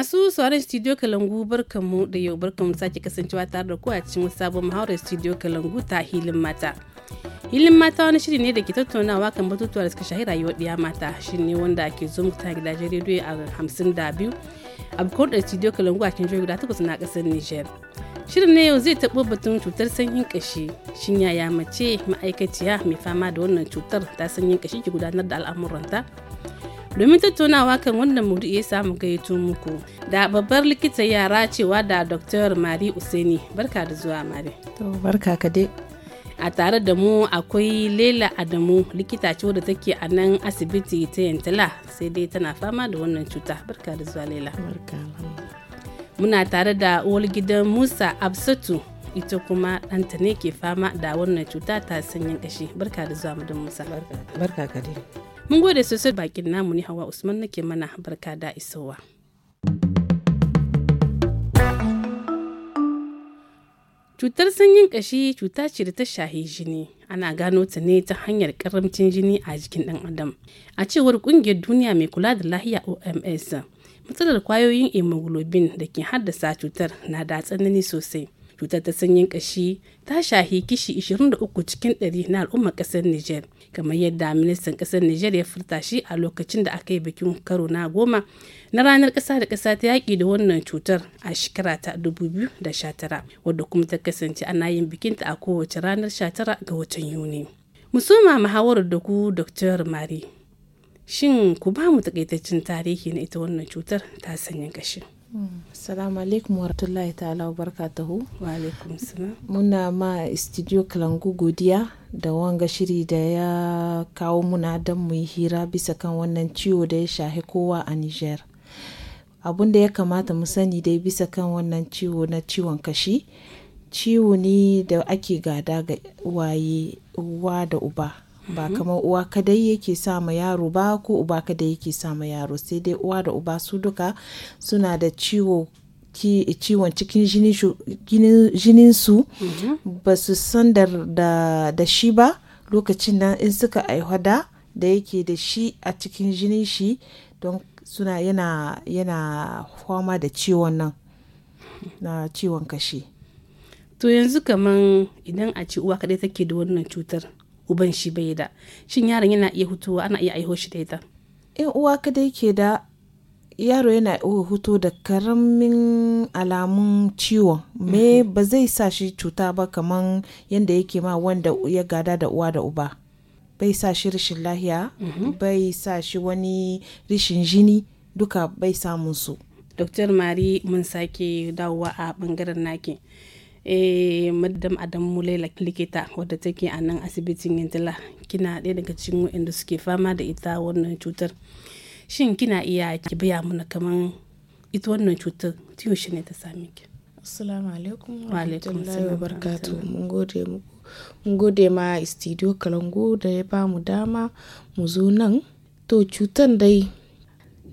masu sauran studio kalangu barkanmu da yau barkanmu sake kasancewa tare da ku a cikin sabon muhawarar studio kalangu ta hilin mata hilin mata wani shiri ne da ke tattaunawa kan batutuwa da suka shahi rayuwar ɗiya mata shi ne wanda ake zo mu ta gidajen rediyo a hamsin da biyu a da studio kalangu a kinjoyi guda takwas na ƙasar niger shirin ne yau zai taɓo batun cutar sanyin kashi shin yaya mace ma'aikaciya mai fama da wannan cutar ta sanyin kashi ke gudanar da al'amuranta domin tattaunawa kan wannan muri ya samu gayyato muku da babbar likitan yara cewa da dr mari useni barka da zuwa mari to barka ka dai a tare da mu akwai lela adamu likita ce wadda take a nan asibiti ta yantala sai dai tana fama da wannan cuta barka da zuwa lela muna tare da uwar gidan musa absatu ita kuma ɗanta ne ke fama da wannan cuta ta sanyin ƙashi barka da zuwa mudan musa barka ka mun gode sosai bakin namu ne hawa usman nake mana barka da isowa cutar sanyin kashi cuta ce da ta shahi jini ana gano ta ne ta hanyar karamcin jini a jikin dan adam a cewar kungiyar duniya mai kula da lahiya oms matsalar kwayoyin hemoglobin da ke haddasa cutar na da tsanani sosai cutar ta sanyin kashi ta shahi kishi 23 cikin 100 na al'ummar kasar niger kamar yadda ministan kasar niger ya furta shi a lokacin da aka yi bikin karo na goma na ranar kasa da kasa ta yaƙi da wannan cutar a shekara ta 2019 wadda kuma ta kasance ana yin bikinta a kowace ranar 19 ga watan yuni musoma muhawarar da ku dr mari shin ku ba mu takaitaccen tarihi na ita wannan cutar ta sanyin kashi. Hmm. Assalamu alaikum wa rahmatullahi ta'ala wa barakatuhu. Wa alaikum Muna ma studio Kalangu godiya da wanga shiri da ya kawo muna don mu yi hira bisa kan wannan ciwo da ya shahi kowa a Niger. Abun da ya kamata mu sani dai bisa kan wannan ciwo na ciwon kashi, ciwo ne da ake gada ga waye uwa da uba. ba mhm. kamar uwa kadai yake sa ma yaro ba ko uba kadai yake sa ma yaro sai dai uwa da uba su duka suna da ciwo ciwon cikin jininsu mhm. ba su san da shi ba lokacin nan in suka aihwada da yake da shi a cikin jinin shi don suna yana yana fama da ciwon nan na ciwon kashi to yanzu kaman idan a ci uwa kadai take da wannan cutar uban shi bai da shin yaron yana iya hutuwa ana iya aiho shi da ita in eh, uwa kadai ke da yaro yana iya hutu da karamin alamun ciwon me mm-hmm. ba zai sa shi cuta ba kamar yadda yake ma wanda ya gada da uwa da uba bai sa shi rashin lahiya mm-hmm. bai sa shi wani rashin jini duka bai samun su dr mari mun sake dawowa a bangaren naki E, madam adam mulai likita wadda take a nan asibitin yantila kina ɗaya daga cikin waɗanda suke fama da ita wannan cutar shin kina iya ki biya mana kaman ita wannan cutar tiyo shi ne ta sami ki assalamu alaikum wa rahmatullahi wa barakatuh mun gode muku mun gode ma studio kalangu da ya bamu dama mu zo nan to cutan dai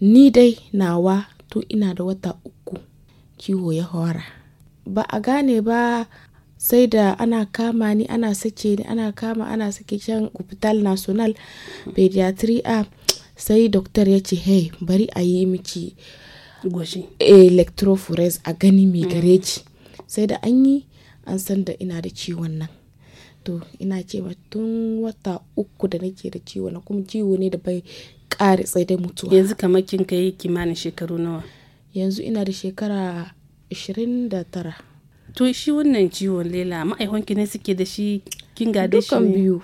ni dai nawa to ina da wata uku kiwo ya hawara ba a gane ba sai da ana kama ni ana sake ni ana kama ana sake can hospital national pediatry a sai doktor ya ce hey bari a yi miki electrophores a gani mai mm. gare sai da an yi an san da ina da ciwon nan to ina ce ma tun wata uku da nake da ciwon na kuma ciwo ne da bai kare tsaye da mutuwa yanzu kamar kin kai kimanin shekaru nawa yanzu ina da shekara 29 to shi wannan ciwon lela ma'aikonki ne suke da shi kin gade shi dukan biyu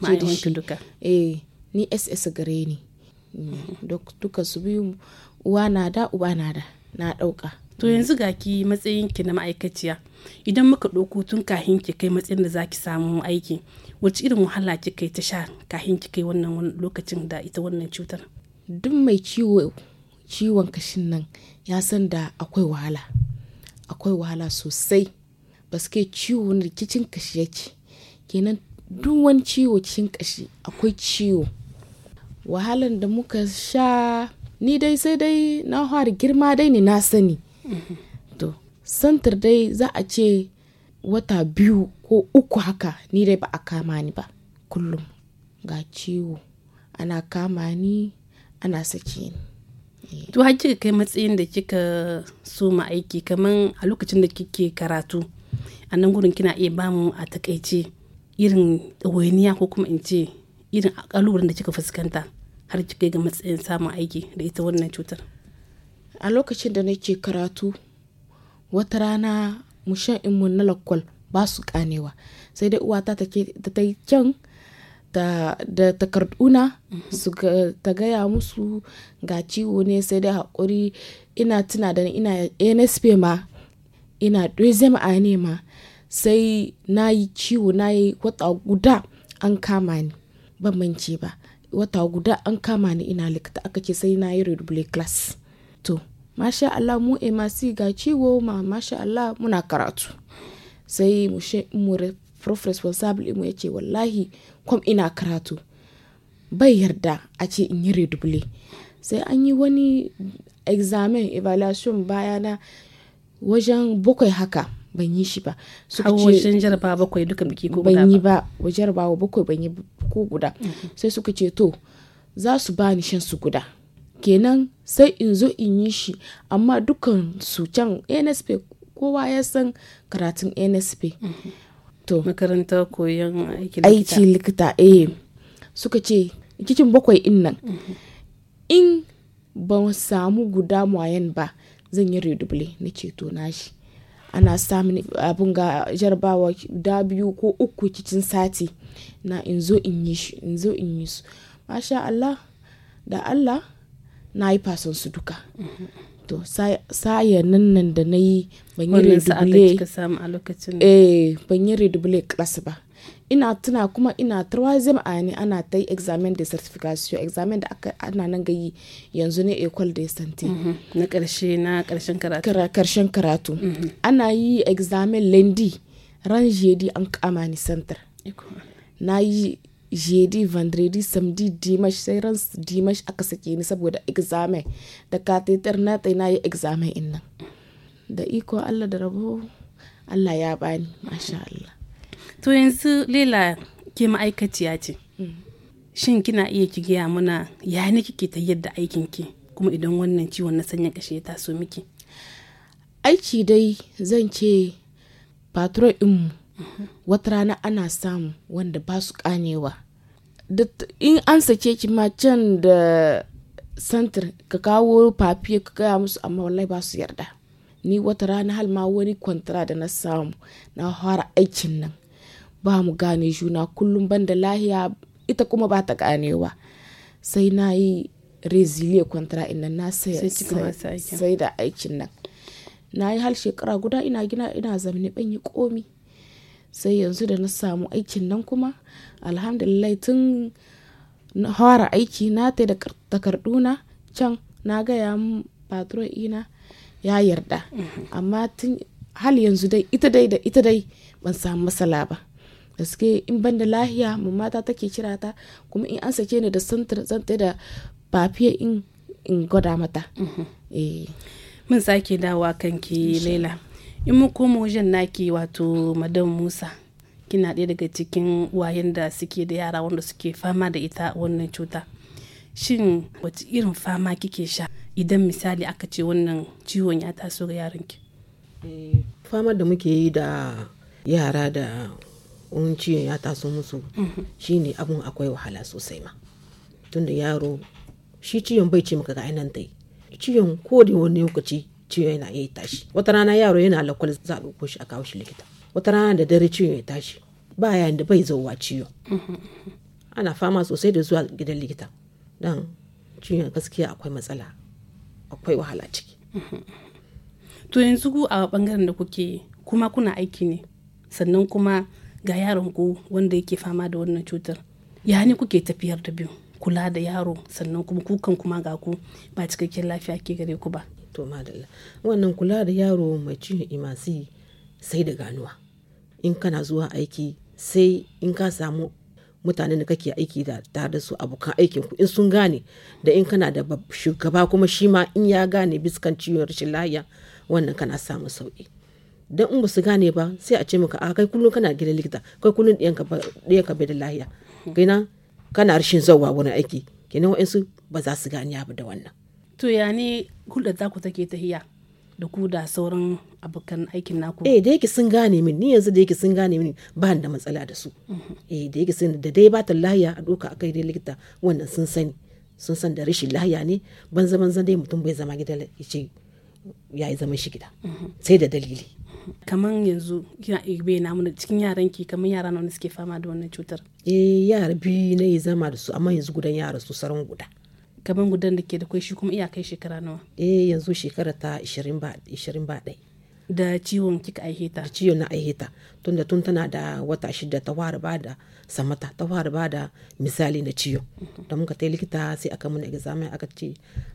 ma'aikonki duka eh ni ss gare ne mm, duka su biyu uwa na da uba na da na dauka to yanzu ga ki matsayin ki na ma'aikaciya idan muka ɗauko tun kahin ki kai matsayin da zaki samu aiki wacce irin wahala ki kai ta sha kahin ki kai wannan lokacin da ita wannan cutar duk mai ciwo ciwon kashin nan ya san da akwai wahala akwai wahala sosai kai ciwo na rikicin kashi yake kenan duk wani ciwo cikin kashi akwai ciwo wahalan da muka sha ni dai sai dai na fara girma dai ne na sani to santar dai za a ce wata biyu ko uku haka ni dai ba a kama ni ba kullum ga ciwo ana kama ni ana sake ni to har kika kai matsayin da kika soma aiki kaman a lokacin da kike karatu a nan gurin kina iya bamu a takaice irin ɗawainiya ko kuma in ce irin ƙalubalen da kika fuskanta har kika ga matsayin samun aiki da ita wannan cutar a lokacin da nake karatu wata rana in mu na lakwal ba su kanewa sai dai uwata ta ta yi kyan ta da takarduna su ta gaya musu ga ciwo ne sai dai haƙuri ina tuna da ina nsp ma ina dozem a ne ma sai na yi ciwo na yi wata guda an kama ni ban mance ba wata guda an kama ni ina likita aka ce sai na yi redouble class to masha Allah mu emasi ga ciwo ma masha Allah muna karatu sai mu mu prof responsable mu ya ce wallahi kwam ina karatu bai yarda a ce in yi redouble sai an yi wani examen evaluation bayana wajen bakwai haka ban yi shi ba suka ce wajen jarba bakwai duka biki ko ban yi ba wajen jarba bakwai ban yi ko guda mm-hmm. sai suka ce to za su ba ni shan su guda kenan sai in zo in yi shi amma dukkan su can nsp kowa ya san karatun nsp mm -hmm. to makaranta koyon likita aiki likita eh suka ce cikin bakwai mm-hmm. in nan in ban samu guda mayan ba zan yi redouble na ceto nashi ana samun abin ga jarabawa da biyu ko uku cikin sati na in zo in yi su masha Allah da Allah na yi fason su duka mm-hmm. to saya nan nan da na yi ban yi redouble eh, class ba ina tuna kuma ina troisième année ana ta yi examen de certification examen da aka ana nan gayi yanzu ne école de santé mhm. na karshe na karshen karatu karshen karatu mhm. ana yi examen lendi ran jeudi an kama ni center na yi jeudi vendredi samedi dimash sai ran dimash aka sake ni saboda examen da katetar na ta na yi examen in nan da iko Allah da rabo Allah ya bani masha Allah to yanzu lila ke ma'aikaciya ce mm. shin kina iya ki gaya mana ya ni kike ta yadda aikin ki kuma idan wannan ciwon na sanya kashe ya taso miki aiki dai zan ce patron ɗinmu mhm. wata rana ana samu wanda ba su kanewa in an sake ki ma can da santir ka kawo papiye ka gaya musu amma wallahi ba su yarda ni wata rana hal ma wani kwantara da na samu na fara aikin nan ba mu gane juna kullum ban da lahiya ita kuma ba ta ganewa sai na yi rezilie kwantara ina na sai da aikin nan na yi hal shekara guda ina gina ina zamani banyi komi sai yanzu da na samu aikin nan kuma alhamdulillah tun fara aiki na ta da takarduna can na gaya patron ina ya yarda mhm. amma tun hal yanzu dai ita dai da ita dai ban samu matsala ba gaske in ban da lahiya mu mata take kira ta kuma in an sake ni da santar zanta da bafiya in in gwada mata mhm. eh. mun sake dawa kanki laila in mu koma wajen naki wato madam musa kina ɗaya daga cikin wayan da suke da yara wanda suke fama da ita wannan cuta shin wace irin fama kike sha idan misali aka ce wannan ciwon ya taso ga yaranki eh, fama da muke yi da yara da wani ciwon ya taso musu mhm. shine abun akwai wahala sosai ma tunda yaro shi ciwon bai ce maka ga ainihin ta ciwon ko wani lokaci ciwo yana iya tashi wata rana yaro yana lakwal za a shi a kawo shi likita wata rana da dare ciwo ya tashi ba yayin da bai zauwa ciwo ana fama sosai da zuwa gidan likita don ciwon gaskiya akwai matsala akwai wahala ciki to yanzu ku a bangaren da kuke kuma kuna aiki ne sannan kuma ga yaron ku wanda yake fama da wannan cutar ya ne kuke tafiyar da biyu kula da yaro sannan kuma kukan kuma ga ku ba cikakken lafiya ke gare ku ba to madalla wannan kula da yaro mai ciwon imasi sai da ganuwa in kana zuwa aiki sai in ka samu mutanen da kake aiki da tare da su abokan aikin ku in sun gane da in kana da shugaba kuma shi ma in ya gane biskan ciwon rashin lahiya wannan kana samu sauki dan in su gane ba sai a ce maka a kai kullum kana gidan likita kai kullum ɗayan ka bai da lahiya kina kana rashin zauwa wurin aiki kenan wa'insu ba za su gane ba da wannan to ya ne hulɗar taku take tahiya da ku da sauran abokan aikin naku eh da yake sun gane min ni yanzu da yake sun gane min ba da matsala da su eh da yake sun da dai ba ta lahiya a doka akai dai likita wannan sun sani sun san da rashin lahiya ne banza banza dai mutum bai zama gida ya ce ya yi zaman shi gida sai da dalili kaman yanzu kina igbe na mun cikin yaran ki kaman yara nawa suke fama da wannan cutar eh yara biyu ne zama da su amma yanzu gudan yara su saran guda gaban gudan da ke da kwai shi kuma iyakai shekara nawa eh yanzu shekara ta 20 ba 20 da ciwon kika aiheta ciwon na aiheta tunda tun tana da wata shida ta fara ba da samata ta fara ba da misali na ciwo da muka ta likita sai aka mun examen aka ce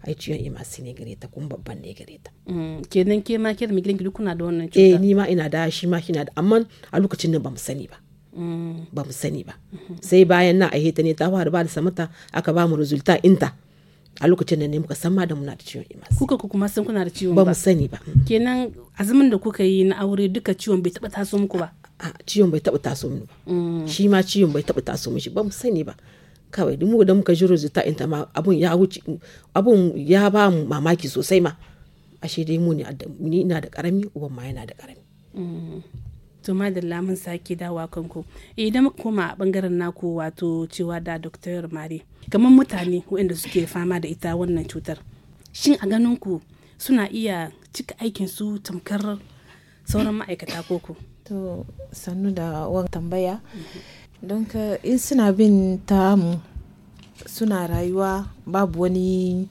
ai ciwon ima sine gare ta kun babban ne gare ta mm, kenan ke ma ke da migilinki duk kuna da wannan cuta eh ni ma ina da shi ma kina da amma a lokacin nan ba mu sani ba mm. ba mu sani ba sai bayan na aiheta ne ta fara ba da samata aka ba mu resulta inta a lokacin da ne muka san ma da muna da ciwon imas kuka ku kuma san kuna da ciwon ba Ba mu sani ba kenan azumin da kuka yi na aure duka ciwon bai taba taso muku ba a ciwon bai taba taso mu ba mm. shi ma ciwon bai taba taso mishi ba mu sani ba kawai duk mu da muka ji ta inta ma abun ya wuce abun ya ba mu mamaki sosai ma ashe dai mu ne ni ina da karami uban ma yana da karami mm. to da mun sake dawa kanku eh, idan kuma a bangaren naku wato cewa da dr mari kamar mutane waɗanda suke fama da ita wannan cutar shin a ganin ku suna iya cika aikin su tamkar sauran ma'aikata koko to sannu da wani tambaya don ka in suna bin tamu suna rayuwa babu wani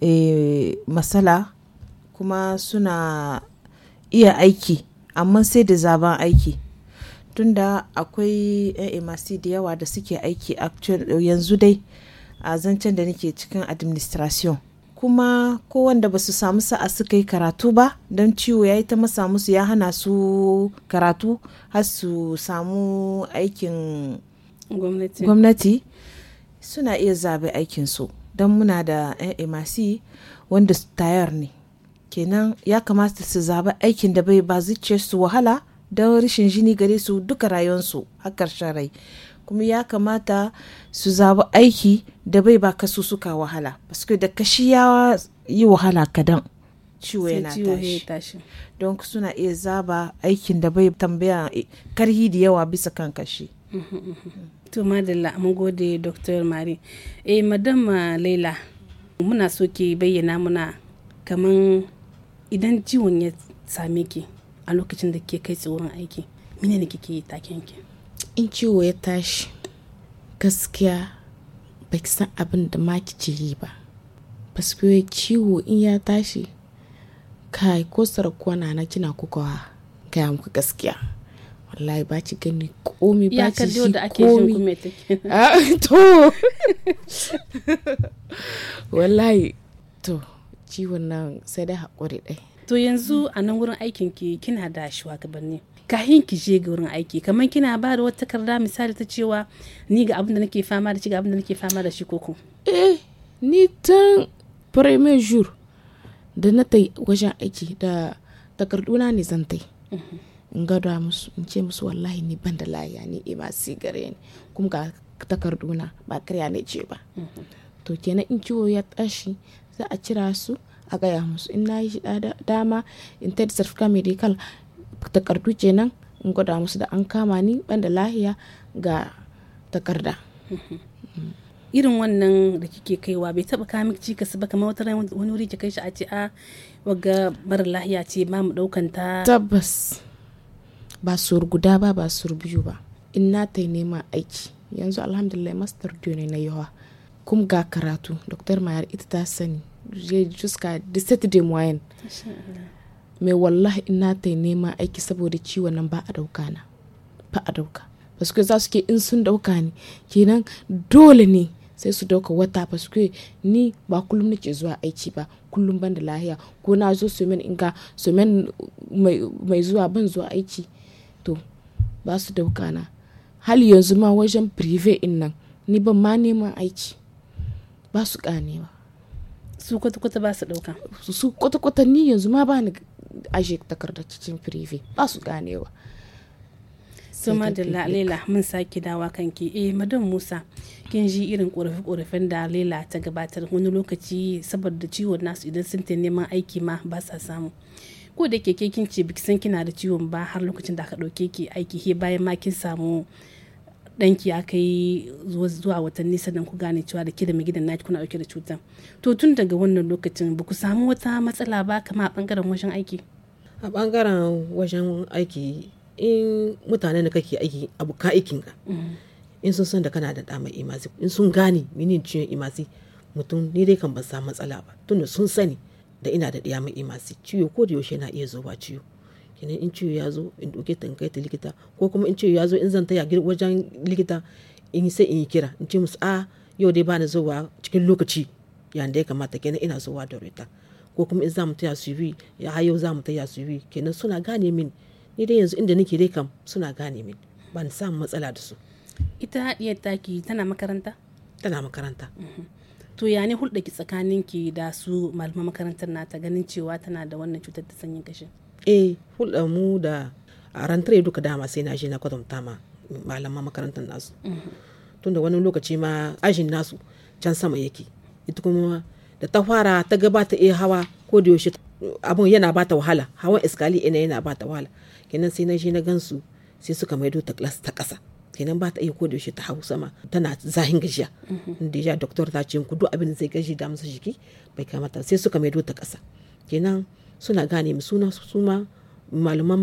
e, matsala kuma suna iya aiki amma sai da zaben aiki tunda akwai masu da yawa da suke aiki yanzu dai a zancen da nake cikin administration kuma kowanda basu ba su samu sa'a suka yi karatu ba don ciwo ya yi ta masa musu ya hana su karatu har su samu aikin gwamnati suna iya zaɓe aikinsu don muna da 'yan wanda tayar ne kenan ya kamata su zaba aikin da bai ba su wahala don rashin jini gare su duka rayuwarsu har ƙarshen rai kuma ya kamata su zabi aiki da bai ba kasu suka wahala basu da kashi ya yi wahala kadan ciwo yana tashi don suna iya zaba aikin da bai tambaya karhi eh, da yawa bisa kan kashi to madalla mun gode dr mari eh madam ah, laila muna so ki bayyana muna kaman idan ciwon ya same ki a lokacin da ke kai tsoron aiki mine ne kike yi taken ki in ciwo ya tashi gaskiya ba ki san abin da ma ce yi ba paske ciwo in ya tashi kai ko sarakuwa na na kina kukawa gaya muku gaskiya wallahi ba ci gani komi ba ci shi komi ah, to wallahi to ciwon nan sai dai haƙuri ɗai to yanzu a nan wurin aikin ki kina da ka kahin ki je ga wurin aiki kamar kina ba da wata takarda misali ta cewa ni ga abin da nake fama da shi ga abin da nake fama da shi koko eh ni tun premier jour da na ta wajen aiki da takarduna ne zan tai mhm. in gada musu in ce musu wallahi ni ban da laya ni ima sigare ni kuma ga takarduna ba karya ne ce ba mhm. to kenan in ciwo ya tashi za a kira su a gaya musu in na yi dama in ta certificate medical takardu kenan in gwada musu da an kama ni banda lahiya ga takarda irin wannan da kike kaiwa bai taba kawo cika cikas ba kamar wani wuri kai shi a ce a waga mara lahiya ce ma mu daukan ta tabbas ba sur guda ba ba sur biyu ba in na ta nema aiki yanzu alhamdulillah master ne na yawa kuma ga karatu dr mayar ita ta sani jusqu'à 17 de moyenne mais wallahi ina ta nema aiki saboda ciwon nan ba a dauka na ba a dauka que za su ke in sun dauka ni kenan dole ne sai su dauka wata parce que ni ba kullum nake zuwa aiki ba kullum ban da lahiya ko na zo somen in ga somen mai zuwa ban zuwa aiki to ba su dauka na hali yanzu ma wajen prive in nan ni ban ma neman aiki ba su ganewa su kwata-kwata ba su ɗauka su kwata-kwata ni yanzu ma ba ni aje takardar cikin prive ba su ganewa suma da lalela mun sake dawa kanki eh madam musa kin ji irin korafe-korafen da lela ta gabatar wani lokaci saboda ciwon nasu idan sun ta neman aiki ma ba sa samu ko da keke kin ce biki san kina da ciwon ba har lokacin da aka ɗauke ki aiki he bayan ma kin samu danki ya kai zuwa watanni sannan ku gane cewa da ke da magidan naki kuna dauke da cutar to tun daga wannan lokacin ba ku samu wata matsala ba kama a bangaren wajen aiki a bangaren wajen aiki in mutanen da kake aiki abu ka aikin ka mm. in sun san da kana da dama imasi in sun gane mini ciwon imasi mutum ni dai kan ban samu matsala ba tunda sun sani da ina da dama imasi ciwo ko da yaushe na iya zuwa ciwo kenan in ciwo ya zo in ɗauke ta in kai ta likita ko kuma in ciwo ya zo in zan taya wajen likita in sai in yi kira in ce musu a ah, yau dai bani zuwa cikin lokaci yanda ya kamata kenan ina zuwa da rita ko kuma in za mu taya su yi ya yau za mu taya su yi kenan suna gane min ni dai yanzu inda nake dai kam suna gane min ban samu samun matsala da su ita iya taki tana makaranta tana makaranta mhm. to ya ne hulɗa ki tsakanin ki da su malaman makarantar na ta ganin cewa tana da wannan cutar ta sanyin kashin eh hulɗar mu da a rantare duka dama sai na je na kwatanta ma malaman makarantar nasu mhm. da wani lokaci ma ajin nasu can sama yake ita kuma da ta fara ta gabata iya hawa ko da yaushe abun yana bata wahala hawan iskali ina yana bata wahala kenan sai na je na gansu sai suka maido ta klas ta kasa kenan ba ta iya ko da yaushe ta hau sama tana zahin gajiya mhm. ya doktor ta ce ku duk abin da zai gaji da musu jiki bai kamata sai suka maido ta kasa kenan suna gane mu suna su ma malaman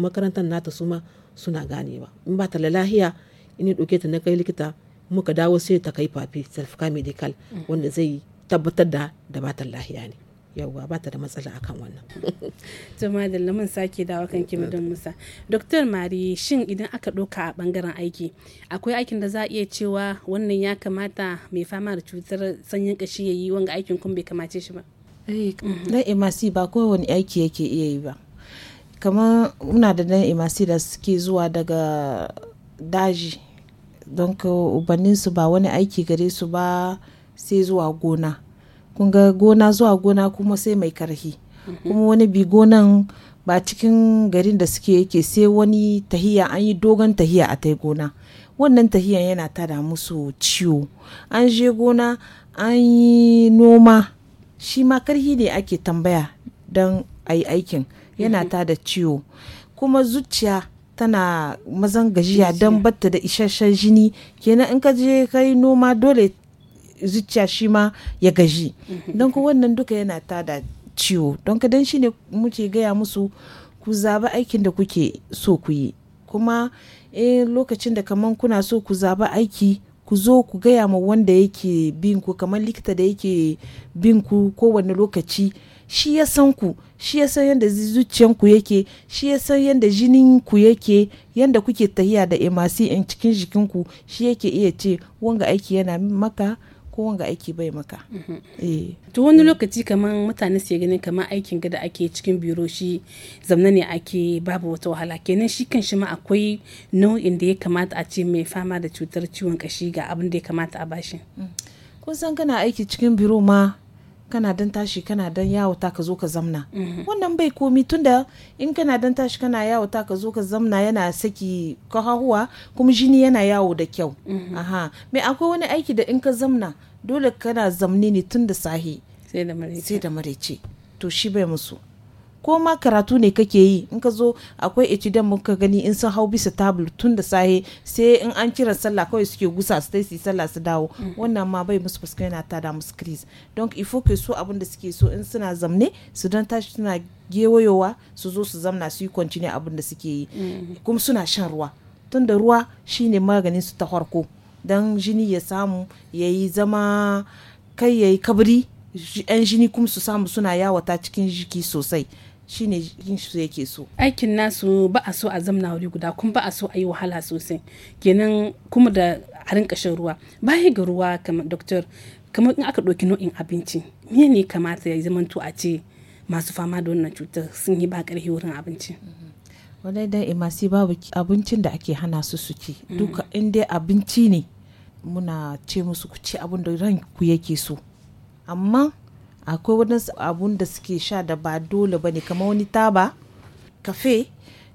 makarantar nata su ma suna ganewa in ba ta lahiya in ɗauke ta na kai likita muka dawo sai ta kai fafi certificate medical wanda zai tabbatar da da ba ta lahiya ne yawwa ba ta da matsala akan wannan to madalla mun sake dawo kan don musa dr mari shin idan aka ɗauka a bangaren aiki akwai aikin da za a iya cewa wannan ya kamata mai fama da cutar sanyin kashi ya yi wanga aikin kun bai kamace shi ba dan eh, mhm. emasi ba kowane aiki yake iya yi ba kamar muna da dan emasi da suke zuwa daga daji don ubanninsu ba wani aiki gare su ba sai zuwa gona kun ga gona zuwa gona kuma sai mai karhi mhm. kuma wani bi gonan ba cikin garin da suke yake sai wani tahiya an yi dogon tahiya a tai gona wannan tahiyan yana tada musu ciwo an je gona an yi noma shi ma karhi ne ake tambaya don a yi aikin yana mm-hmm. ta da ciwo kuma zuciya tana mazan gajiya don batta da isasshen jini kenan in ka je kai noma dole zuciya shi ma ya gaji mm-hmm. don ku wannan duka yana ta da ciwo don ka don shi ne muke gaya musu ku zaba aikin da kuke so ku yi kuma eh lokacin da kaman kuna so ku zaba aiki ku zo ku gaya ma wanda yake bin ku kamar likita da yake bin ku kowane lokaci shi ya san ku shi ya san yadda zuciyanku yake shi ya san yadda jininku yake yadda kuke tahiya da emasi cikin jikinku shi yake iya ce wanga aiki yana maka ko wanga aiki bai maka mhm. eh. to wani lokaci kamar mutane su ganin kamar aikin gada ake cikin biro shi zamna ne ake babu wata wahala kenan shi kan shi ma akwai nau'in da ya kamata a ce mai fama da cutar ciwon kashi ga abin da ya kamata a bashi mm. kun san kana aiki cikin biro ma kana dan tashi kana dan yawo ta ka zo ka zamna mhm. wannan bai komi tunda in kana dan tashi kana yawo ta ka zo ka zamna yana saki kahahuwa kuma jini yana yawo da kyau mhm. aha mai akwai wani aiki da in ka zamna dole kana zamne ne tun sahi sai da marece to shi bai musu ko ma karatu ne kake yi in ka zo akwai etudan muka gani in sun hau bisa tabul tun da sahe sai in an kira sallah kawai suke gusa su su sallah su dawo mm. wannan ma bai musu fuska yana tada musu kris donc il faut que su abin da suke so in suna zamne su don tashi suna gewayowa su zo su zamna su yi continue abin da suke yi mm. kuma suna shan ruwa tun da ruwa shine maganin su ta farko don jini ya samu ya yi zama kai ya yi kabri 'yan jini kuma su samu suna yawata cikin jiki sosai shine yin su yake so aikin nasu ba a so a zamna wuri guda kuma ba a so a yi wahala sosai kenan kuma da harin kashin ruwa baya ga ruwa kamar doktor kamar in aka ɗauki nau'in abinci me ne kamata ya zamanto a ce masu fama da wannan cutar sun yi ba ƙarfi wurin abinci mm-hmm. wadai dai imasi babu abincin da ake hana su su ci mm. duka in abinci ne muna ce musu ku ci abin da ranku yake so amma akwai wadansu abun da suke sha da ba dole ba ne kamar wani taba kafe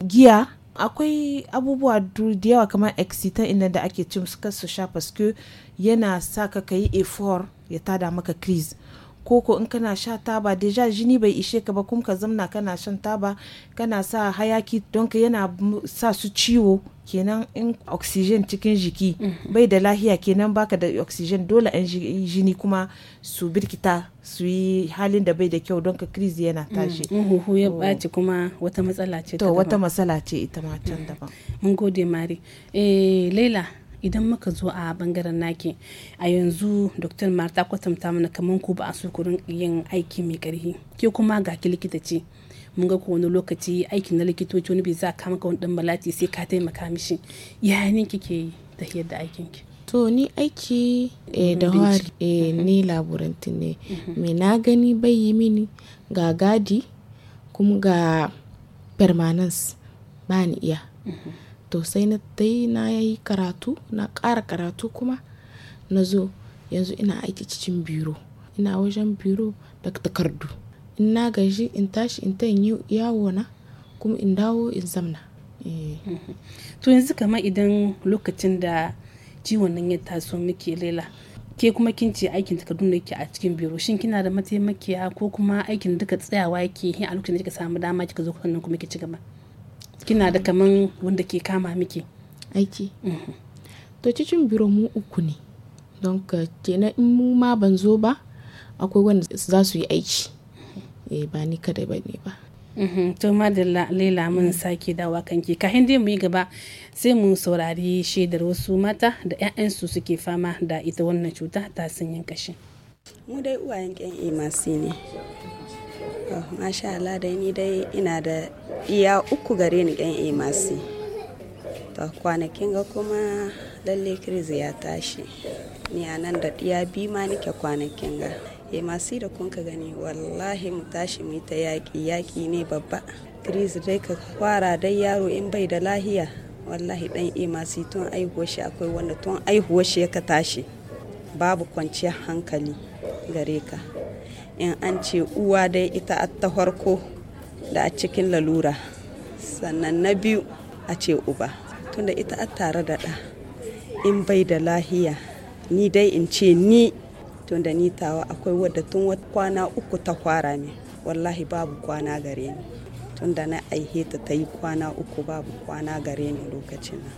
giya akwai abubuwa da yawa kamar excitan ina da ake cin su su sha paske yana sa ka kayi effort ya tada maka crise koko in kana sha taba deja jini bai ishe ka ba kuma ka zamna kana shan taba kana sa hayaki don ka yana sa su ciwo kenan in oxygen cikin jiki mhm. bai da lahiya kenan baka da oxygen dole an jini kuma su birkita su yi halin da bai da kyau don ka krizi yana mm, tashi huhu ya baci kuma wata matsala ce to wata matsala ce ita ma can daban mm. mun gode mari eh laila idan muka zo a bangaren naki a yanzu dr marta kwatanta mana kamar ku ba a sukurin yin aiki mai karfi ke kuma ga ki likita ce mun ga wani lokaci aikin na likitoci wani bai za ka maka wani dan malati sai ka taimaka mishi yaya ne kike yi yadda da aikin ki to ni aiki eh, da wari eh, mhm. ni laburanti ne mhm. me na gani bai yi mini ga gadi kuma ga permanence ba ni iya mhm. to sai na dai na yi karatu na ƙara karatu kuma na zo yanzu ina aiki cikin biro ina wajen biro da takardu in na gaji in tashi in ta yi yawo na kuma in dawo in zamna eh. to yanzu kama idan lokacin da ciwon nan ya taso muke lela ke kuma kin ce aikin takardu ne ke a cikin biro shin kina da mataimakiya ko kuma aikin duka tsayawa yake a lokacin da kika samu dama kika zo sannan kuma ki ci gaba kina da kaman wanda ke kama miki aiki mhm. to cikin biro mu uku ne don kenan in mu ma ban zo ba akwai wanda za su yi aiki mhm. eh ba ni kada ba ne ba mhm. to madalla laila mun sake dawa kanki ka dai mu yi gaba sai mu saurari shaidar wasu mata da 'ya'yansu suke fama da ita wannan cuta ta sanyin kashin mu dai uwayen ƙyan masu ne masha Allah da ni dai ina da iya uku gare ni yan masi. to kwanakin ga kuma lalle kirzi ya tashi ni a nan da iya bi ma nike kwanakin ga emasi da kun ka gani wallahi mu tashi mu ta yaki yaƙi ne babba kirzi dai ka kwara dai yaro in bai da lahiya wallahi dan masi tun aihuwar shi akwai wanda tun aihuwar shi ya ka tashi babu kwanciyar hankali gare ka in an ce uwa dai ita ta farko da a cikin lalura sannan na biyu a ce uba tunda ita a tare da ɗa in bai da lahiya ni dai in ce ni tunda ni tawa akwai wadda tun kwana uku ta kwara ne wallahi babu kwana gare ni tunda na aihe ta ta yi kwana uku babu kwana gare ni lokacin nan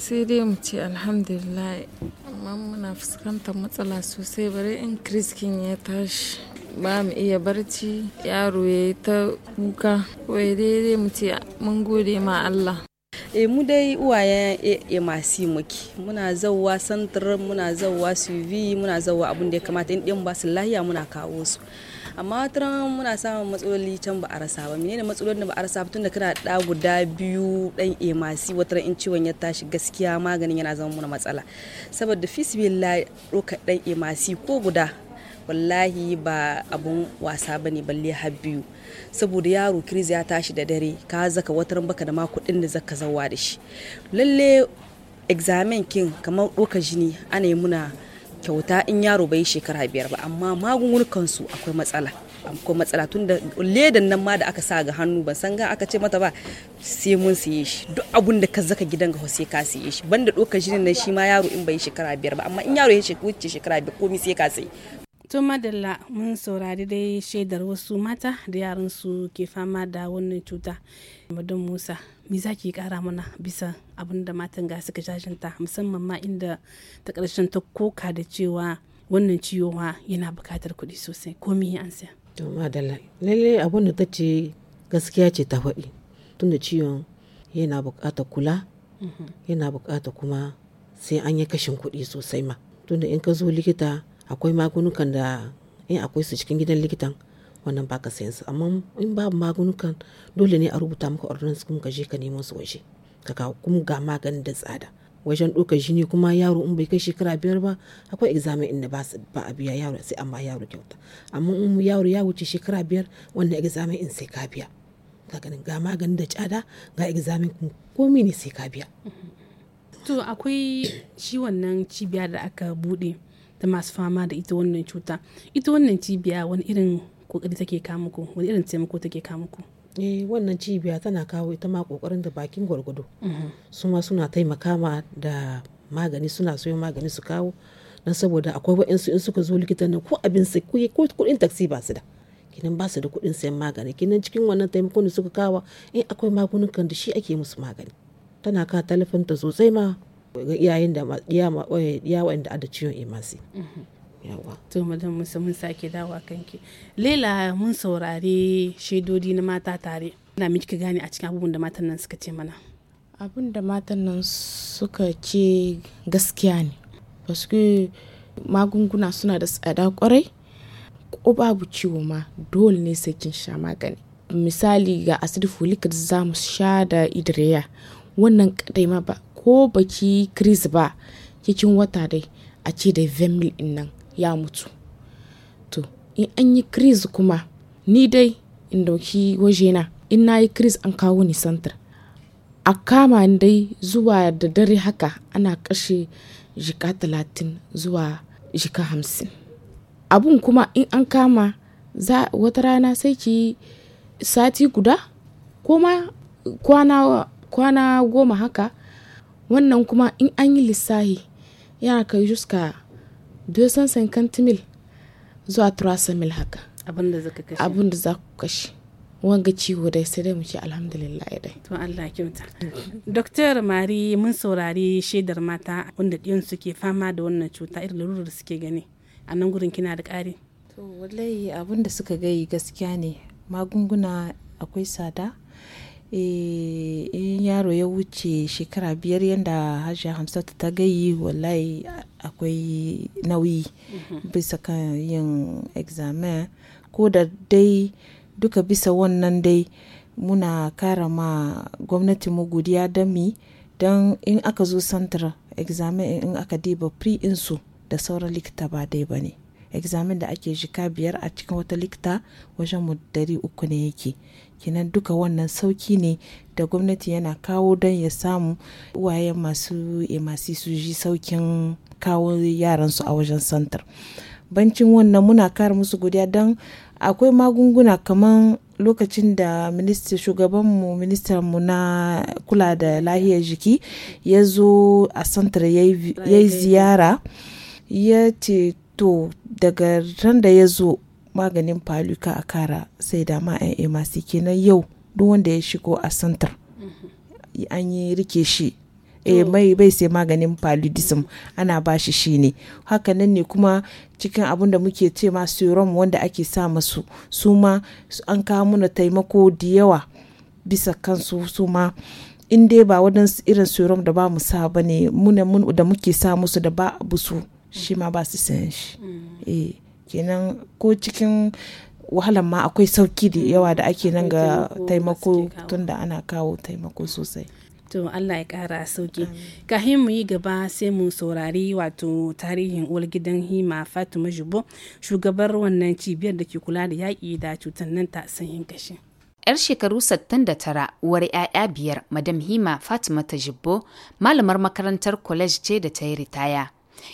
sai dai mu ce alhamdulillah amma muna fuskantar matsala sosai bare in kiriskin ya tashi ba mu iya barci yaro ya yi ta kuka wai daidai mu ce mun gode ma Allah e mu dai uwaye e masu muke muna zauwa santar muna zauwa suv muna zauwa abin da ya kamata in ɗin ba su lahiya muna kawo su amma wata muna samun matsaloli can ba a rasa ba menene matsalolin da ba a rasa tun da kana da guda biyu dan masu wata in ciwon ya tashi gaskiya maganin yana zama muna matsala saboda fisbillah ɗauka dan emasi ko guda wallahi ba abun wasa ba ne balle har biyu saboda yaro kiris ya tashi da dare ka zaka wataran baka da ma kuɗin da zaka zawa da shi lalle examen kin kamar ɗaukar jini ana yi muna kyauta in yaro bai shekara biyar ba amma magungunan su akwai matsala akwai matsala tun da ledan nan ma da aka sa ga hannu ban san ga aka ce mata ba sai mun siye shi duk abun da ka zaka gidan ga sai ka siye shi banda doka jini nan shi ma yaro in bai shekara biyar ba amma in yaro ya wuce shekara biyar komai sai ka sai tun madalla mun saurari dai shaidar wasu mata da yaran su ke fama da wannan cuta madan musa me za ki kara mana bisa abin da matan ga suka jajinta musamman ma inda ta karshen ta koka da cewa wannan ciwowa yana bukatar kuɗi sosai ko me an saya to madalla lalle abin da ta gaskiya ce ta faɗi tunda ciwon yana bukatar kula mhm. yana bukatar kuma sai an yi kashin kuɗi sosai ma tunda in ka zo likita akwai magunukan da in akwai su cikin gidan likitan wannan ba ka sayan su amma in babu magunukan dole ne a rubuta maka ordinance kuma ka je ka nemo su waje ka kawo kuma ga maganin da tsada wajen ɗaukar jini kuma yaro in bai kai shekara biyar ba akwai examen inda ba a biya yaro sai amma yaro kyauta amma in yaro ya wuce shekara biyar wannan examen in sai ka biya ka ganin ga maganin da tsada ga examen komi ne sai ka biya to akwai shi wannan cibiya da aka bude da masu fama da ita wannan cuta ita wannan cibiya wani irin kokari take kawo muku wani irin taimako take kawo muku eh wannan cibiya tana kawo ita ma kokarin da bakin gwargwado mm-hmm. su ma suna taimaka ma da magani suna soyo magani su kawo dan saboda akwai wa'insu in suka zo likita nan ko abin sai ko kudin taksi ba su da kinan ba su da kuɗin sayan magani kinan cikin wannan taimakon da suka kawo in akwai magunukan da shi ake musu magani tana ka ta sosai ma iyayen da iya inda da ciwon imasi mhm. yawa to madan musa mun sake dawa kanki lela mun saurari shaidodi na mata tare na miki gane a cikin abubuwan da matan nan suka ce mana abin da matan nan suka ce gaskiya ne basu magunguna suna da tsada kwarai ko babu ciwo ma dole ne sai kin sha magani misali ga acid folic za mu sha da idriya wannan kadai ma ba ko baki kiris ba cikin wata dai a ce dai vermil in nan ya mutu to in an yi kiris kuma ni dai in dauki wajena in na yi kiris an kawo ni santar a kama dai zuwa da dare haka ana kashe jika talatin zuwa jika hamsin abun kuma in an kama za wata rana sai ki sati guda ko ma kwana goma haka wannan kuma in an yi lissahi yana kai juska 250 mil zuwa 300 mil haka abin da za ku kashe wanga ciwo dai sai dai mu ce alhamdulillah dai to Allah kyauta doktor mari mun saurari shaidar mata wanda ɗiyan suke fama da wannan cuta irin lalurar da suke gani a nan gurin kina da ƙari to wallahi abin suka gayi gaskiya ne magunguna akwai tsada E, in yaro ya wuce shekara biyar yadda hajiya hamsatu ta gayi wallahi akwai nauyi mhm. bisa kan yin examen ko da dai duka bisa wannan dai muna kara ma gwamnati mu godiya dami don in aka zo santar examen in aka diba pre insu da sauran likita ba dai ba ne examen da ake jika biyar a cikin wata likita wajen mu dari uku ne yake kinan duka wannan sauki ne da gwamnati yana kawo don ya samu uwaye masu emasi eh, su ji saukin kawo yaransu a wajen santar bancin wannan muna kara musu godiya don akwai magunguna kamar lokacin da minista shugabanmu ministanmu na kula da lahiyar jiki ya zo a santar ya yi ziyara ya ce to daga ran da ya zo maganin faluka a kara sai da ma yan masu kenan yau duk wanda ya shigo a santar mhm. an yi rike shi e eh, mai bai sai maganin paludism ana ba shi shi ne hakanan ne kuma cikin abin da muke ce ma serum wanda ake sa masu su ma an kawo muna taimako da yawa bisa kansu su ma in dai ba waɗansu irin serum da ba mu sa ba ne da muke sa musu da ba abu su shi ma ba su san shi mm. eh kenan ko cikin wahalan ma akwai sauki da mm. yawa da ake nan ga taimako tunda ana kawo taimako sosai to Allah ya kara sauki kafin mu yi gaba sai mu saurari wato tarihin uwar gidan hima fatima jubo shugabar wannan cibiyar da ke kula da yaƙi da cutar nan ta sanyin kashi. yar shekaru 69 uwar 'ya'ya biyar madam hima fatima ta malamar makarantar college ce da ta yi ritaya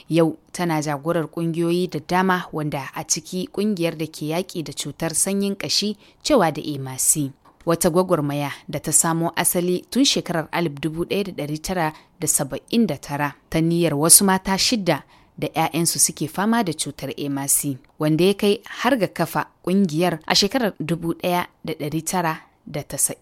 Yau tana jagorar kungiyoyi da dama wanda a ciki kungiyar da ke yaƙi da cutar sanyin ƙashi cewa da emasi. Wata gwagwarmaya da ta samo asali tun shekarar 1979 ta niyyar wasu mata shidda da 'ya'yansu suke fama da cutar emasi wanda ya kai har ga kafa kungiyar a shekarar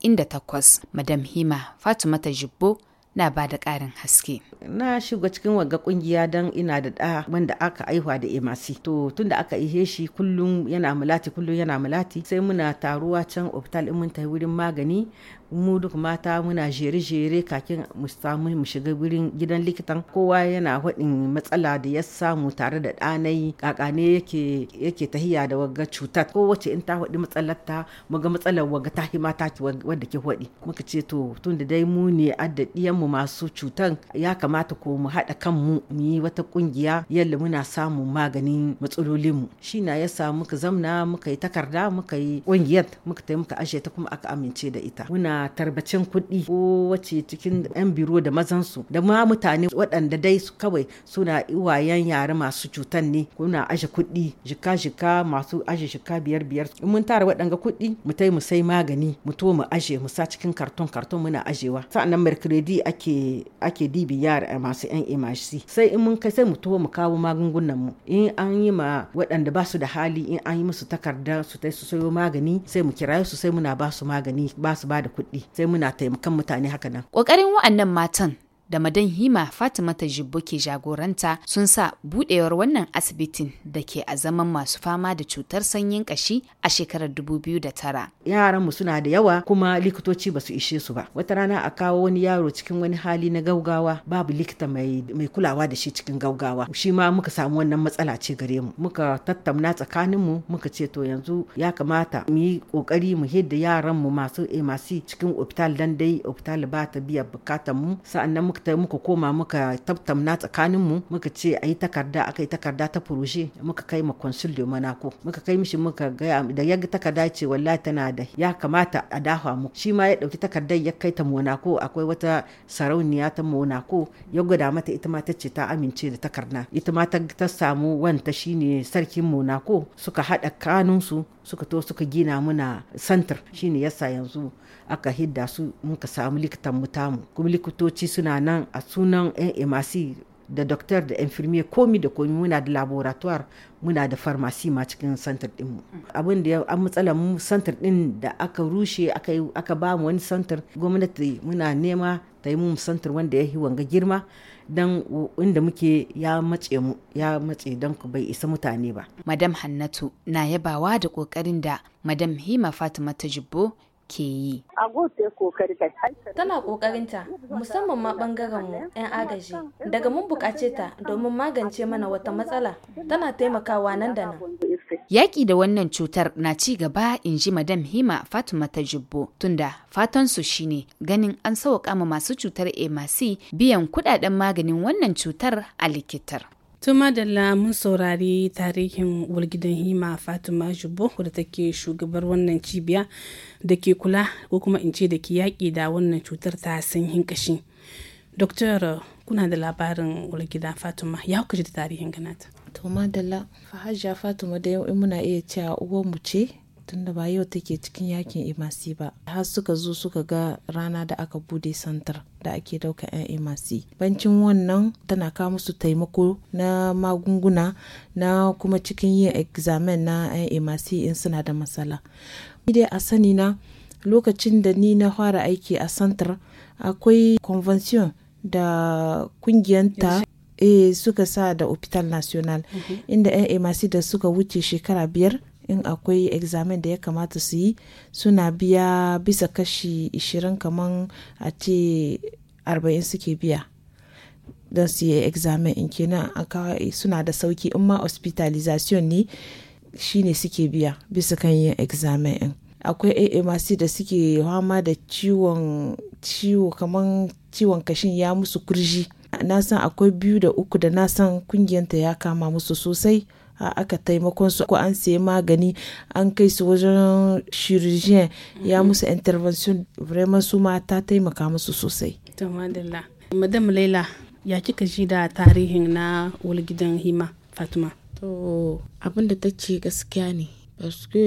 da takwas madam hima fatima ta jibbo na ba da ƙarin haske. Na shiga cikin wagga kungiya don ina da ɗa wanda aka aihuwa da emasi. To tun da aka ihe shi kullum yana mulati kullum yana mulati sai muna taruwa can ofital in mun tafi wurin magani mu duk mata muna jere-jere kakin mu samu mu shiga wurin gidan likitan kowa yana faɗin matsala da ya samu tare da ɗanai kakane yake yake tahiya da wagga cutar Ko kowace in ta faɗi matsalarta mu ga matsalar wagga ta hi mata wadda ke faɗi muka ce to tun da dai mu ne addadiyan mu masu cutar ya kamata ko mu haɗa kan mu yi wata ƙungiya yalla muna samun maganin matsalolinmu shi na yasa muka zamna muka yi takarda muka yi ƙungiyar muka ta muka ashe ta kuma aka amince da ita muna tarbacin kuɗi ko wace cikin 'yan biro da mazansu da ma mutane waɗanda dai kawai suna iwayen yare masu cutan ne kuna aje kuɗi jika jika masu aje jika biyar biyar in mun tara waɗanga kuɗi mu tai mu sai magani mu to mu aje mu sa cikin karton karton muna ajewa sa'annan mercredi ake ake dibi yara masu 'yan imashi sai in mun kai sai mu to mu kawo magungunan mu in an yi ma waɗanda ba su da hali in an yi musu takarda su tai su sayo magani sai mu kiraye su sai muna ba su magani ba su ba da kuɗi kuɗi sai muna taimakan mutane haka nan. Ƙoƙarin wa'annan matan da madan Hima Fatimata Jibbo ke jagoranta sun sa budewar wannan asibitin da ke a zaman masu fama da cutar sanyin kashi a shekarar dubu biyu da tara. yaran mu suna da yawa kuma likitoci ba su ishe su ba. Wata rana a kawo wani yaro cikin wani hali na gaugawa babu likita mai, kulawa da shi cikin gaugawa. Shi ma muka samu wannan matsala ce gare mu. Muka tattauna tsakanin mu muka ce to yanzu ya kamata mu yi kokari mu hidda mu masu emasi eh, cikin opital dan dai opital ba ta biya bukatar mu sa'annan muka ta muka koma muka tattauna tsakanin mu muka ce a yi takarda aka yi takarda ta furoje muka kai ma consul de monaco muka kai mishi muka ga da ya ga takarda ce wallahi tana da ya kamata a dafa mu shi ma ya dauki takardar ya kai ta monaco akwai wata sarauniya ta monaco ya gwada mata ita ma ta ce ta amince da takarda ita ma ta samu wanta shine sarkin monaco suka haɗa kanunsu suka to suka gina muna santar shine yasa yanzu aka hidda su muka samu likitan mu kuma likitoci suna nan a sunan yan emasi da doktor da infirmiye komi da komi muna da laboratoire muna da farmasi ma cikin santar dinmu abin da an matsala mu santar din da aka rushe aka ba mu wani santar gwamnati muna nema ta yi mu santar wanda ya yi wanga girma don inda muke ya matse mu ya matse don ku bai isa mutane ba madam hannatu na yabawa da kokarin da madam hima fatima ta jibbo ke yi. Tana ƙoƙarinta musamman ma ɓangarenmu 'yan agaji daga mun buƙace ta domin magance mana wata matsala tana taimakawa nan da nan. Yaƙi da wannan cutar na ci gaba in ji Madam Hima Fatima ta jubbo tunda fatansu shine ganin an sauƙa ma masu cutar emasi biyan kuɗaɗen maganin wannan cutar a likitar. tuma da mun saurari tarihin walgidan hima fatima jubo da take shugabar wannan cibiya da ke kula ko kuma in ce da ke yaƙi da wannan cutar ta sanyin ƙashi doktor kuna da labarin walgida fatima ya kuka da tarihin ganata tuma da la fahajiya fatima da yau muna iya cewa mu ce tunda ba yau take cikin yakin emasi ba har suka zo suka ga rana da aka bude santar da ake dauka 'yan imasi bancin wannan tana kawo musu taimako na magunguna na kuma cikin yin examen na 'yan emasi in suna da matsala dai a sani na lokacin da ni na fara aiki a santar akwai convention da kungiyanta e eh, suka sa da hospital national mm -hmm. inda yan emasi da suka wuce shekara biyar in akwai examen da ya kamata su yi suna biya bisa kashi 20 kamar a ce 40 suke biya don su yi examen in kenan suna da sauki in ma hospitalization ne shine suke biya bisa kan yin examen in akwai AMC da suke hama da ciwon ciwo kamar ciwon kashin ya musu kurji na san akwai biyu da uku da na san kungiyanta ya kama musu sosai aka taimakon su ko an sayi magani an kai su wajen chirurgien ya mhm. musu intervention vraiment su ma ta taimaka musu sosai to madalla madam laila ya kika ji da tarihin na wulgidan hima fatima to abin da ta ce gaskiya ne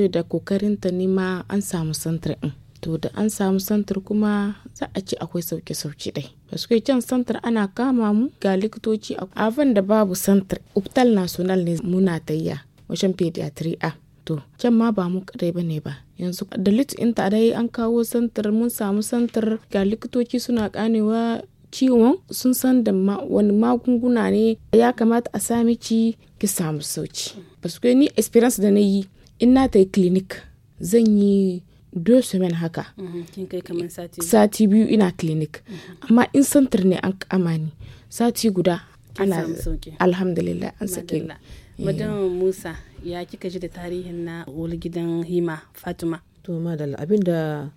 da kokarinta ne ma an samu santar to da an samu santar kuma za a ce akwai sauke-sauke dai kai can santar ana kama mu ga likitoci A abin da babu santar uptal national ne muna tayya wajen pediatry a to can ma ba mu kadai ba ne ba yanzu da litin ta dai an kawo santar mun samu santar ga likitoci suna kanewa ciwon sun san da wani magunguna ne ya kamata a sami ci ki samu sauci basu ni experience da na yi in na ta yi clinic zan yi deux semaines haka mhm, sati biyu ina clinic mhm. amma in santar ne an kama sati guda ana alhamdulillah an sake ni madam eh. musa ya kika ji da tarihin na gidan hima fatima to madal abinda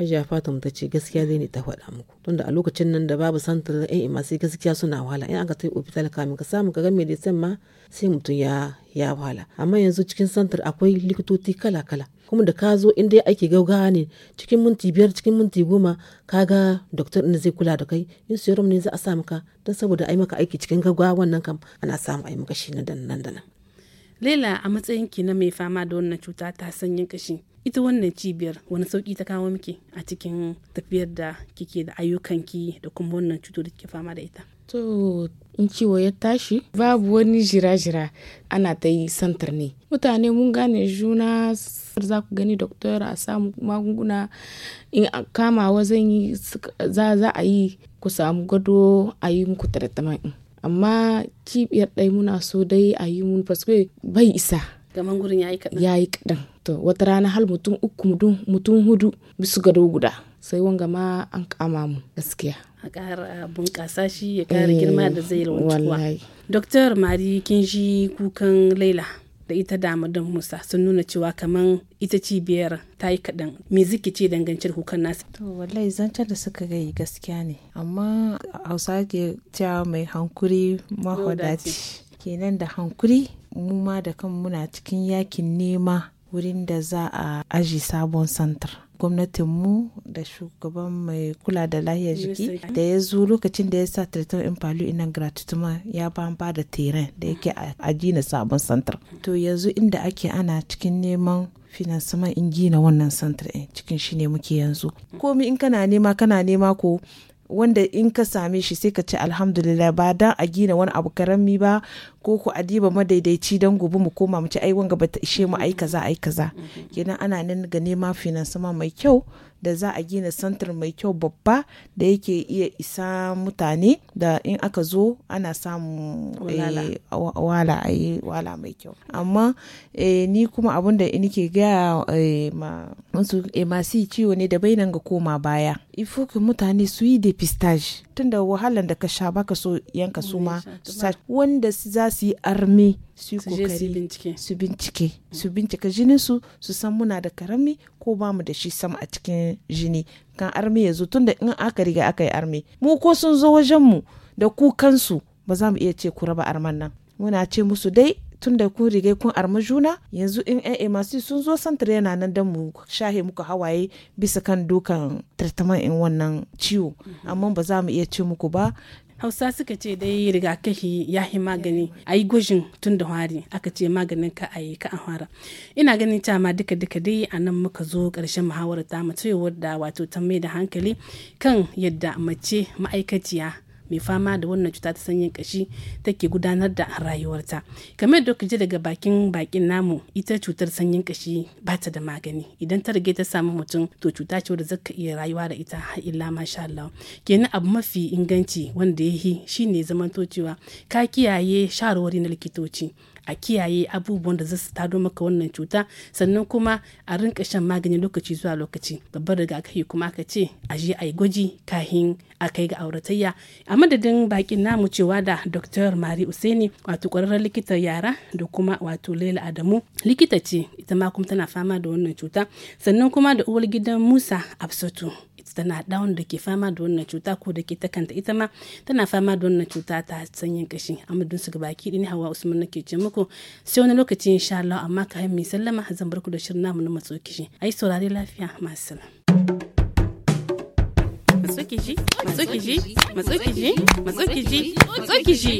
hajiya fatima ta ce gaskiya zai ne ta faɗa muku tunda a lokacin nan da babu santar yan ima sai gaskiya suna wahala in aka tai ofital kamin ka samu ka ga medicine ma sai mutum ya ya wahala amma yanzu cikin santar akwai likitoci kala kala kuma da ka zo inda aiki gauga ne cikin minti biyar cikin minti goma ka ga doktor ɗin zai kula da kai in serum ne za a sa maka don saboda a yi maka aiki cikin gaugawa wannan kam ana samu a yi maka shi na nan da nan Laila a matsayin ki na mai fama da wannan cuta ta sanyin kashi ita wannan cibiyar wani sauki ta kawo miki a cikin tafiyar da kike da ki da kuma wannan cutar da kike fama da ita. To in ciwo ya tashi babu wani jira-jira ana ta yi santar ne. Mutane mun gane juna za ku gani doktor a samu magunguna in kama zan yi za a yi ku samu gado a yi muku tartaman amma kibiyar dai muna so dai a yi mun paske bai isa gaman gurin yayi kadan yayi kadan to wata rana hal mutum uku mutum mutum hudu bisu gado guda sai wanga ma an kama mu gaskiya a kara bunƙasa shi ya kara girma da zai rawantuwa. Eh, Dr. Mari kinji kukan Laila. da ita da musa sun nuna cewa kamar ita cibiyar ta yi kaɗan me ziki ce dangance da kukan nasu to wallahi zancen da suka gai gaskiya ne amma hausa ke cewa mai hankuri mahadaci kenan da hankuri mu ma da kan muna cikin yakin nema wurin da za a aji sabon santar gwamnatinmu da shugaban mai kula da lahiyar jiki da ya zo lokacin da ya sa triton in palu inan ya ba ba da teren da yake a gina sabon santar to yanzu inda ake ana cikin neman finansaman in gina wannan santar in cikin shi ne muke yanzu komi in kana nema kana nema ko wanda in ka same shi sai ka ce alhamdulillah ba dan a gina wani abu karami ba ko ku adiba madaidaici don gobe mu koma mu ci ai wanga bata ishe mu ai kaza ai kaza kenan ana nan ga nema finansama mai kyau da za a gina santar mai kyau babba da yake iya isa mutane da in aka zo ana samu. Eh, wala a yi wala mai kyau amma eh, ni kuma abin da ke gaya eh, masu masu ciwo ne da bainan ga koma baya ifoki mutane su yi depistage tunda wahalan da ka sha baka so yanka su wanda za su yi armi su yi kokari su bincike su bincike jinin su su san muna da karami ko ba mu da shi sam a cikin jini kan armi ya zo da in aka riga aka yi armi mu ko sun zo wajen mu da kukansu ba za mu iya ce ku raba arman nan muna ce musu dai tun da kun rigai kun arma juna yanzu in AA masu sun zo santar yana nan don mu shahe muku hawaye bisa kan dukan tartaman in wannan ciwo mhm. amma ba za mu iya ce muku ba hausa suka ce dai rigakafi ya yi magani a yi gwajin tun da hwari aka ce maganin ka a yi ka hwara ina ganin ta ma duka duka dai a nan muka zo karshen muhawarar ta mace da wato ta mai da hankali kan yadda mace ma'aikaciya mai fama da wannan cuta ta sanyin kashi take gudanar da rayuwarta kamar da ji daga bakin bakin namu ita cutar sanyin kashi ba ta da magani idan ta rage ta samu mutum to cuta ce wadda zaka iya rayuwa da ita har illa masha Allah kenan abu mafi inganci wanda ya yi shine zamanto cewa ka kiyaye shawarwari na likitoci a kiyaye abubuwan da zasu taro tado maka wannan cuta sannan kuma a rinka shan magani lokaci zuwa lokaci babbar rigakafi kuma aka ce a je a yi gwaji kahin a kai ga auratayya a madadin bakin namu cewa da dr mari useni wato kwararren likitar yara da kuma wato laila adamu likita ce ita ma kuma tana fama da wannan cuta sannan kuma da uwar gidan musa absatu tana down da ke fama da wannan cuta ko da ke ta kanta ita ma tana fama da wannan cuta ta sanyin kashi amadun su gabaki ɗin hawa usman nake ce muku sai wani lokaci insha Allah amma ka mai sallama zan bar ku da shirin namu na matso kishi ai saurare lafiya masu sala matso kishi matso kishi matso kishi matso kishi matso kishi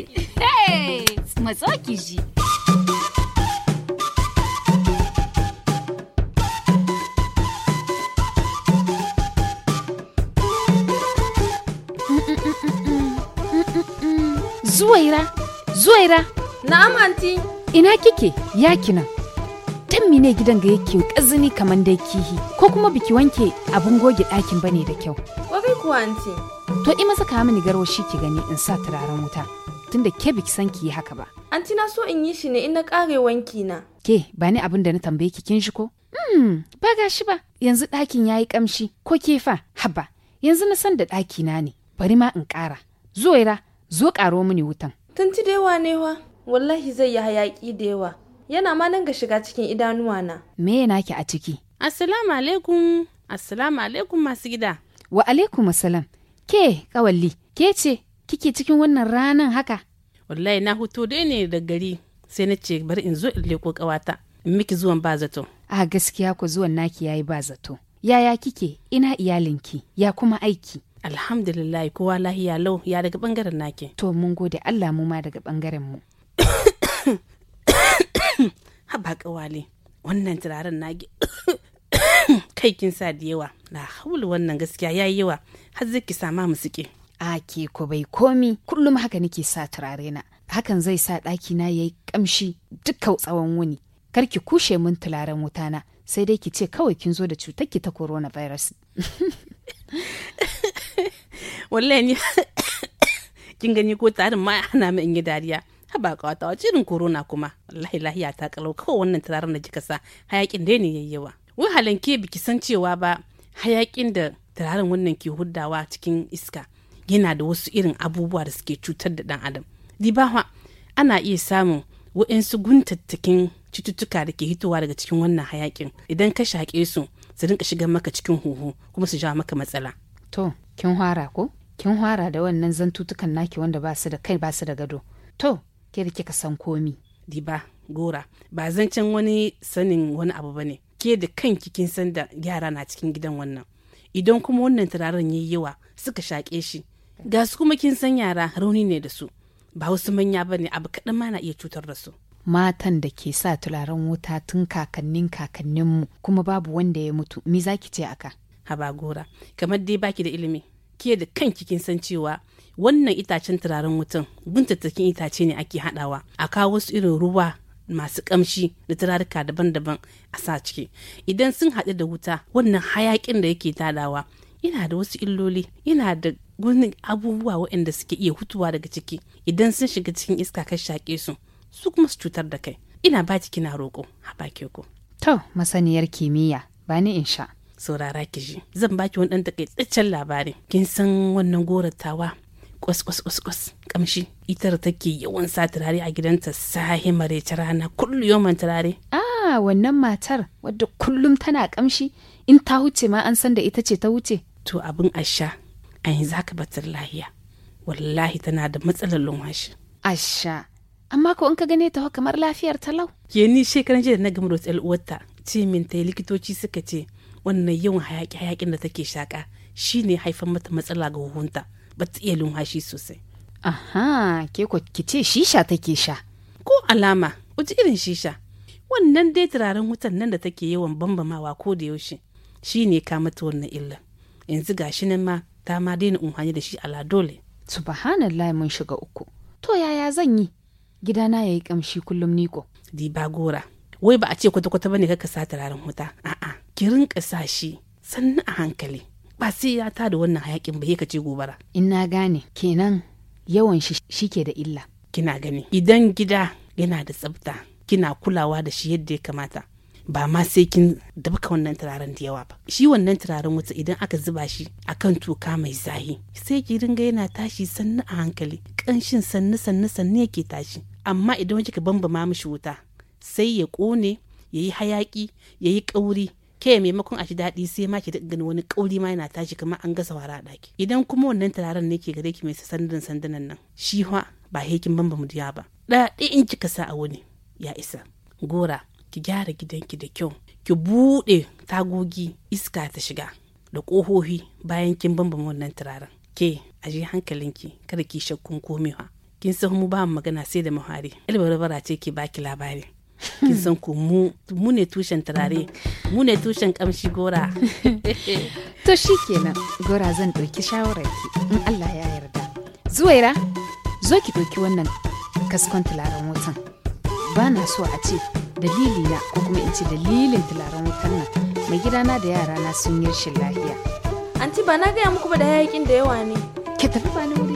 matso kishi Zuwaira, Zuwaira. Na'am amanti Ina kike? Ya kina. Tan mine gidan ga yake kazini kamar dai kihi ko kuma biki wanke abun goge ɗakin ba ne da kyau. kai kuwa anti. To ima saka mini garwashi ki gani in sa turaren wuta. Tunda ke biki san ki haka ba. Anti na so in yi shi ne in na kare wanki na. Ke ba ni abin da na tambaye ki kin shi ko? Hmm, ba shi ba. Yanzu ɗakin yayi kamshi ko ke fa? Haba. Yanzu na san da ɗaki na ne. Bari ma in ƙara. Zuwaira, zo ƙaro mini wutan. Tunti da yawa ne wa, wallahi zai yi hayaƙi da yawa. Yana ma nan ga shiga cikin idanuwa na. Me yana ki a ciki? Assalamu alaikum, assalamu alaikum masu gida. Wa alaikum assalam. Ke kawalli, ke ce kike cikin wannan ranan haka? Wallahi na huto dai ne da gari sai na ce bari in zo in leko kawata. In miki zuwan ba zato. A gaskiya ku zuwan naki yayi ba zato. Yaya kike? Ina iyalinki? Ya kuma aiki? alhamdulillah kowa lahiya lau ya daga bangaren nake to mun gode allah mu ma daga bangaren mu haba kawale wannan turaren nage kai kin sa da yawa na haulu wannan gaskiya yayi yawa har zaki sama mu suke a ke ko bai komi kullum haka nake sa turare na hakan zai sa ɗaki na yayi kamshi dukkan tsawon wuni kar ki kushe mun turaren wuta na sai dai ki ce kawai kin zo da cutar ki ta coronavirus wallahi ni kin gani ko tarin ma hana mu in yi dariya haba kawata a irin corona kuma wallahi lahiya ta kalau kawai wannan tararen da kika sa hayakin dai ne yayyawa wai halanke biki san cewa ba hayakin da turaren wannan ke huddawa cikin iska yana da wasu irin abubuwa da suke cutar da dan adam dibawa ana iya samun waɗansu guntattakin cututtuka da ke hitowa daga cikin wannan hayakin idan ka shaƙe su su rinka shiga maka cikin huhu kuma su ja maka matsala to kin hwara ko kin hwara da wannan zantutukan naki wanda ba su da kai ba su da gado to ke da kika san komi diba gora ba zancen wani sanin wani abu ba ne ke da kanki kin san da yara na cikin gidan wannan idan kuma wannan turaren yayi yawa suka shaƙe shi ga kuma kin san yara rauni ne da su ba wasu manya ba ne abu kaɗan ma na iya cutar da su matan da ke sa tularen wuta tun kakannin kakanninmu kuma babu wanda ya mutu me zaki ce aka habagora kamar dai baki da ilimi ke da kanki kin san cewa wannan itacen turaren wutan buntattakin itace ne ake hadawa a kawo su irin ruwa masu kamshi da turaruka daban-daban a sa ciki idan sun haɗu da wuta wannan hayakin da yake tadawa yana da wasu illoli ina da gunin abubuwa waɗanda suke iya hutuwa daga ciki idan sun shiga cikin iska ka shaƙe su su kuma su cutar da kai ina baki kina roƙo a baki ku to masaniyar kimiyya ba ni in sha saurara ki ji zan baki wani ɗan takaitaccen labari kin san wannan goratawa kwas kwas kwas kwas kamshi ita da take yawan sa turare a gidanta sahi marece rana kullum yawan turare ah wannan matar wadda kullum tana kamshi in ta huce ma an san da ita ce ta huce to abin asha a yanzu haka batar lahiya wallahi tana da matsalar lumashi. asha amma ko in ka gane ta kamar lafiyar talau ke shekaran jiya da na gama da wata uwarta ce min ta likitoci suka ce wannan yawan hayaki hayakin da take shi ne haifar mata matsala ga huhunta ba ta iya lumhashi sosai aha ke ko ki ce shisha take sha ko alama wace irin shisha wannan dai turaren wutan nan da take yawan bambamawa ko da yaushe shine ka mata wannan illa yanzu gashi nan ma ta ma daina umhani da shi ala dole subhanallah mun shiga uku to yaya zan yi gidana ya yi kamshi kullum niko di ba gora wai ba a ce kwata-kwata bane kaka sa turaren wuta a'a ki rinka sa shi sannu a hankali ba sai ya ta da wannan hayakin ba ka ce gobara in na gane kenan yawan shi shike da illa kina gani idan gida yana da tsafta kina kulawa da shi yadda ya kamata ba ma sai kin dabka wannan turaren da yawa ba shi wannan turaren wuta idan aka zuba shi a kan tuka mai zahi sai ki ringa yana tashi sannu a hankali kanshin sannu sannu sannu yake tashi amma idan kika bambama mishi wuta sai ya kone ya yi hayaki ya yi kauri ke maimakon a daɗi sai ma ki gani wani kauri ma yana tashi kamar an gasa wara a ɗaki idan kuma wannan turaren ne ke gare ki mai sandan sandanan nan shi fa ba hekin bamba mu diya ba ɗaya in kika sa a wani ya isa gora ki gyara gidanki da kyau ki buɗe tagogi iska ta shiga da ƙofofi bayan kin bambama wannan turaren ke a ji hankalinki kada ki shakkun komewa kin san mu ba magana sai da muhari ilbarbara ce ke baki labari kin san ku mu mu ne tushen turare mu ne tushen kamshi gora to shikenan gora zan ɗauki shawararki in Allah ya yarda zuwaira zo ki ɗauki wannan kaskon tularen wutan ba na so a ce dalili na ko kuma in ce dalilin tularen wutan nan mai gidana da yarana sun yi rashin lafiya anti ba na gaya muku ba da hayakin da yawa ne ki tafi ba ni